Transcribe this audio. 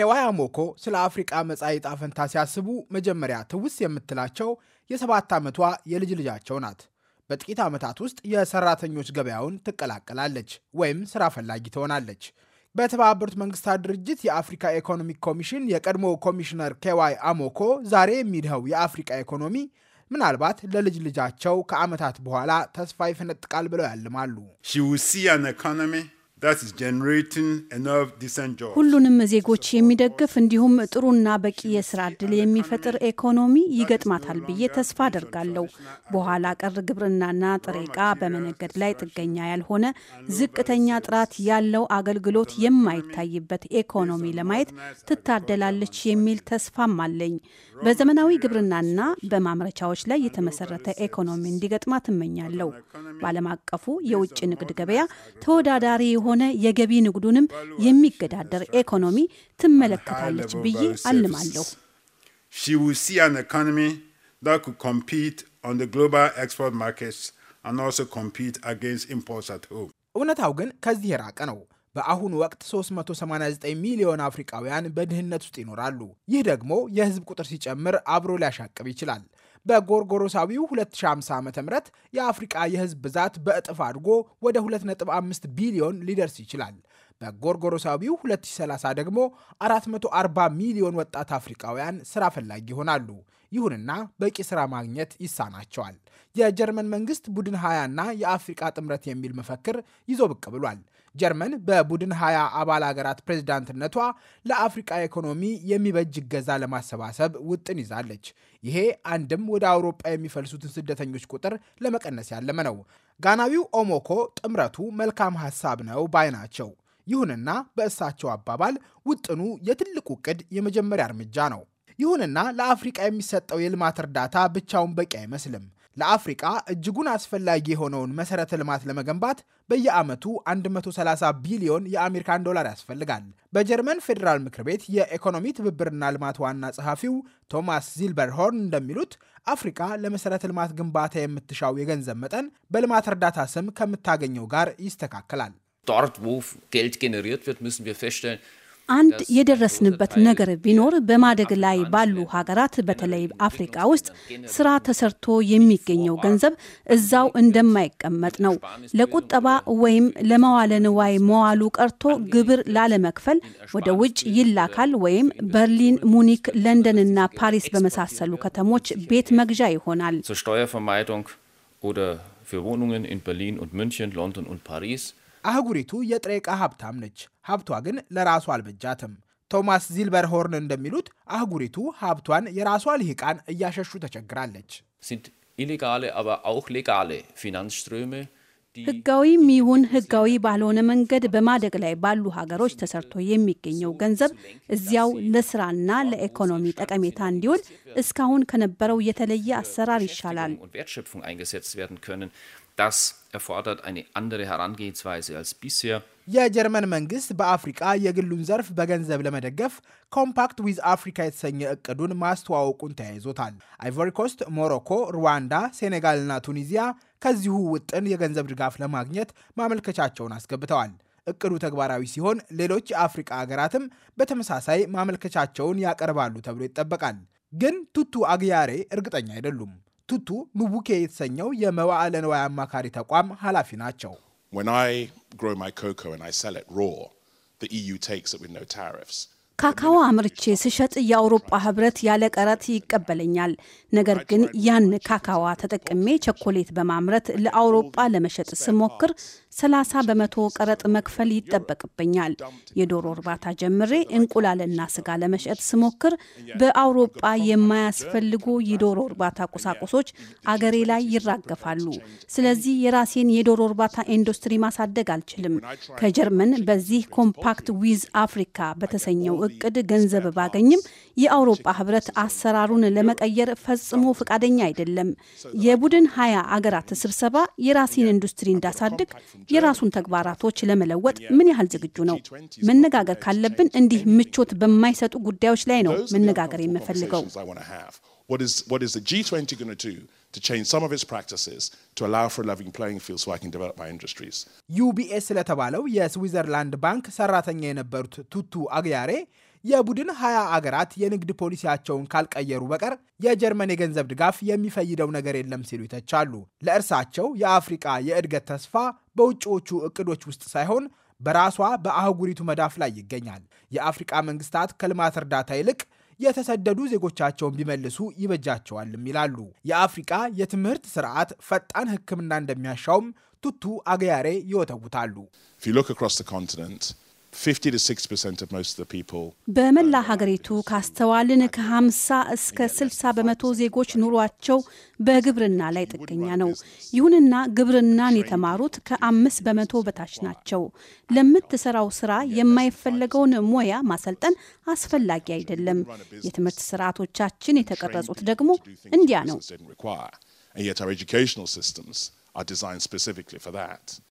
ኬዋያ ሞኮ ስለ አፍሪቃ መጻኢ ዕጣ ፈንታ ሲያስቡ መጀመሪያ ትውስ የምትላቸው የሰባት ዓመቷ የልጅ ልጃቸው ናት። በጥቂት ዓመታት ውስጥ የሰራተኞች ገበያውን ትቀላቀላለች ወይም ስራ ፈላጊ ትሆናለች። በተባበሩት መንግስታት ድርጅት የአፍሪካ ኢኮኖሚክ ኮሚሽን የቀድሞ ኮሚሽነር ኬዋይ አሞኮ ዛሬ የሚድኸው የአፍሪካ ኢኮኖሚ ምናልባት ለልጅ ልጃቸው ከዓመታት በኋላ ተስፋ ይፈነጥቃል ብለው ያልማሉ። ሁሉንም ዜጎች የሚደግፍ እንዲሁም ጥሩና በቂ የስራ እድል የሚፈጥር ኢኮኖሚ ይገጥማታል ብዬ ተስፋ አደርጋለሁ። በኋላ ቀር ግብርናና ጥሬ ዕቃ በመነገድ ላይ ጥገኛ ያልሆነ ዝቅተኛ ጥራት ያለው አገልግሎት የማይታይበት ኢኮኖሚ ለማየት ትታደላለች የሚል ተስፋም አለኝ። በዘመናዊ ግብርናና በማምረቻዎች ላይ የተመሰረተ ኢኮኖሚ እንዲገጥማ ትመኛለሁ። በዓለም አቀፉ የውጭ ንግድ ገበያ ተወዳዳሪ የሆነ የገቢ ንግዱንም የሚገዳደር ኢኮኖሚ ትመለከታለች ብዬ አልማለሁ። እውነታው ግን ከዚህ የራቀ ነው። በአሁኑ ወቅት 389 ሚሊዮን አፍሪካውያን በድህነት ውስጥ ይኖራሉ። ይህ ደግሞ የህዝብ ቁጥር ሲጨምር አብሮ ሊያሻቅብ ይችላል። በጎርጎሮሳዊው 2050 ዓ ም የአፍሪቃ የህዝብ ብዛት በእጥፍ አድጎ ወደ 2.5 ቢሊዮን ሊደርስ ይችላል። በጎርጎሮሳዊው 2030 ደግሞ 440 ሚሊዮን ወጣት አፍሪቃውያን ስራ ፈላጊ ይሆናሉ። ይሁንና በቂ ስራ ማግኘት ይሳናቸዋል። የጀርመን መንግስት ቡድን ሀያና የአፍሪቃ ጥምረት የሚል መፈክር ይዞ ብቅ ብሏል። ጀርመን በቡድን ሀያ አባል አገራት ፕሬዝዳንትነቷ ለአፍሪቃ ኢኮኖሚ የሚበጅ እገዛ ለማሰባሰብ ውጥን ይዛለች። ይሄ አንድም ወደ አውሮጳ የሚፈልሱትን ስደተኞች ቁጥር ለመቀነስ ያለመ ነው። ጋናዊው ኦሞኮ ጥምረቱ መልካም ሀሳብ ነው ባይ ናቸው። ይሁንና በእሳቸው አባባል ውጥኑ የትልቁ ዕቅድ የመጀመሪያ እርምጃ ነው። ይሁንና ለአፍሪቃ የሚሰጠው የልማት እርዳታ ብቻውን በቂ አይመስልም። ለአፍሪቃ እጅጉን አስፈላጊ የሆነውን መሰረተ ልማት ለመገንባት በየዓመቱ 130 ቢሊዮን የአሜሪካን ዶላር ያስፈልጋል። በጀርመን ፌዴራል ምክር ቤት የኢኮኖሚ ትብብርና ልማት ዋና ጸሐፊው ቶማስ ዚልበርሆርን እንደሚሉት አፍሪቃ ለመሰረተ ልማት ግንባታ የምትሻው የገንዘብ መጠን በልማት እርዳታ ስም ከምታገኘው ጋር ይስተካከላል። አንድ የደረስንበት ነገር ቢኖር በማደግ ላይ ባሉ ሀገራት በተለይ አፍሪካ ውስጥ ስራ ተሰርቶ የሚገኘው ገንዘብ እዛው እንደማይቀመጥ ነው። ለቁጠባ ወይም ለመዋለ ንዋይ መዋሉ ቀርቶ ግብር ላለመክፈል ወደ ውጭ ይላካል ወይም በርሊን፣ ሙኒክ፣ እና ፓሪስ በመሳሰሉ ከተሞች ቤት መግዣ ይሆናል። ወደ Steuervermeidung oder für Wohnungen in አህጉሪቱ የጥሬ ዕቃ ሀብታም ነች። ሀብቷ ግን ለራሷ አልበጃትም። ቶማስ ዚልበርሆርን እንደሚሉት አህጉሪቱ ሀብቷን የራሷ ልሂቃን እያሸሹ ተቸግራለች። ህጋዊም ይሁን ህጋዊ ባልሆነ መንገድ በማደግ ላይ ባሉ ሀገሮች ተሰርቶ የሚገኘው ገንዘብ እዚያው ለስራና ለኢኮኖሚ ጠቀሜታ እንዲውል እስካሁን ከነበረው የተለየ አሰራር ይሻላል። Das erfordert eine andere Herangehensweise als bisher. የጀርመን መንግስት በአፍሪቃ የግሉን ዘርፍ በገንዘብ ለመደገፍ ኮምፓክት ዊዝ አፍሪካ የተሰኘ እቅዱን ማስተዋወቁን ተያይዞታል። አይቮሪኮስት፣ ሞሮኮ፣ ሩዋንዳ፣ እና ቱኒዚያ ከዚሁ ውጥን የገንዘብ ድጋፍ ለማግኘት ማመልከቻቸውን አስገብተዋል። እቅዱ ተግባራዊ ሲሆን ሌሎች የአፍሪቃ አገራትም በተመሳሳይ ማመልከቻቸውን ያቀርባሉ ተብሎ ይጠበቃል። ግን ቱቱ አግያሬ እርግጠኛ አይደሉም። ቱቱ ሙቡኬ የተሰኘው የመዋዕለ ንዋይ አማካሪ ተቋም ኃላፊ ናቸው። ኮኮ ሰል ሮ ዩ ቴክስ ኖ ታሪፍስ ካካዋ አምርቼ ስሸጥ የአውሮፓ ህብረት ያለ ቀረጥ ይቀበለኛል። ነገር ግን ያን ካካዋ ተጠቅሜ ቸኮሌት በማምረት ለአውሮጳ ለመሸጥ ስሞክር 30 በመቶ ቀረጥ መክፈል ይጠበቅብኛል። የዶሮ እርባታ ጀምሬ እንቁላልና ስጋ ለመሸጥ ስሞክር በአውሮጳ የማያስፈልጉ የዶሮ እርባታ ቁሳቁሶች አገሬ ላይ ይራገፋሉ። ስለዚህ የራሴን የዶሮ እርባታ ኢንዱስትሪ ማሳደግ አልችልም። ከጀርመን በዚህ ኮምፓክት ዊዝ አፍሪካ በተሰኘው እቅድ ገንዘብ ባገኝም የአውሮፓ ህብረት አሰራሩን ለመቀየር ፈጽሞ ፈቃደኛ አይደለም። የቡድን ሀያ አገራት ስብሰባ የራሴን ኢንዱስትሪ እንዳሳድግ የራሱን ተግባራቶች ለመለወጥ ምን ያህል ዝግጁ ነው? መነጋገር ካለብን እንዲህ ምቾት በማይሰጡ ጉዳዮች ላይ ነው መነጋገር የምፈልገው። What is, what is the G20 going to do to change some of its practices to allow for a loving playing field so I can develop my industries? ዩቢኤስ ስለተባለው የስዊዘርላንድ ባንክ ሰራተኛ የነበሩት ቱቱ አግያሬ የቡድን 20 አገራት የንግድ ፖሊሲያቸውን ካልቀየሩ በቀር የጀርመን የገንዘብ ድጋፍ የሚፈይደው ነገር የለም ሲሉ ይተቻሉ። ለእርሳቸው የአፍሪቃ የእድገት ተስፋ በውጭዎቹ እቅዶች ውስጥ ሳይሆን በራሷ በአህጉሪቱ መዳፍ ላይ ይገኛል። የአፍሪቃ መንግስታት ከልማት እርዳታ ይልቅ የተሰደዱ ዜጎቻቸውን ቢመልሱ ይበጃቸዋልም ይላሉ። የአፍሪቃ የትምህርት ስርዓት ፈጣን ሕክምና እንደሚያሻውም ቱቱ አገያሬ ይወተውታሉ። በመላ ሀገሪቱ ካስተዋልን ከ50 እስከ 60 በመቶ ዜጎች ኑሯቸው በግብርና ላይ ጥገኛ ነው። ይሁንና ግብርናን የተማሩት ከአምስት በመቶ በታች ናቸው። ለምትሰራው ስራ የማይፈለገውን ሙያ ማሰልጠን አስፈላጊ አይደለም። የትምህርት ስርዓቶቻችን የተቀረጹት ደግሞ እንዲያ ነው።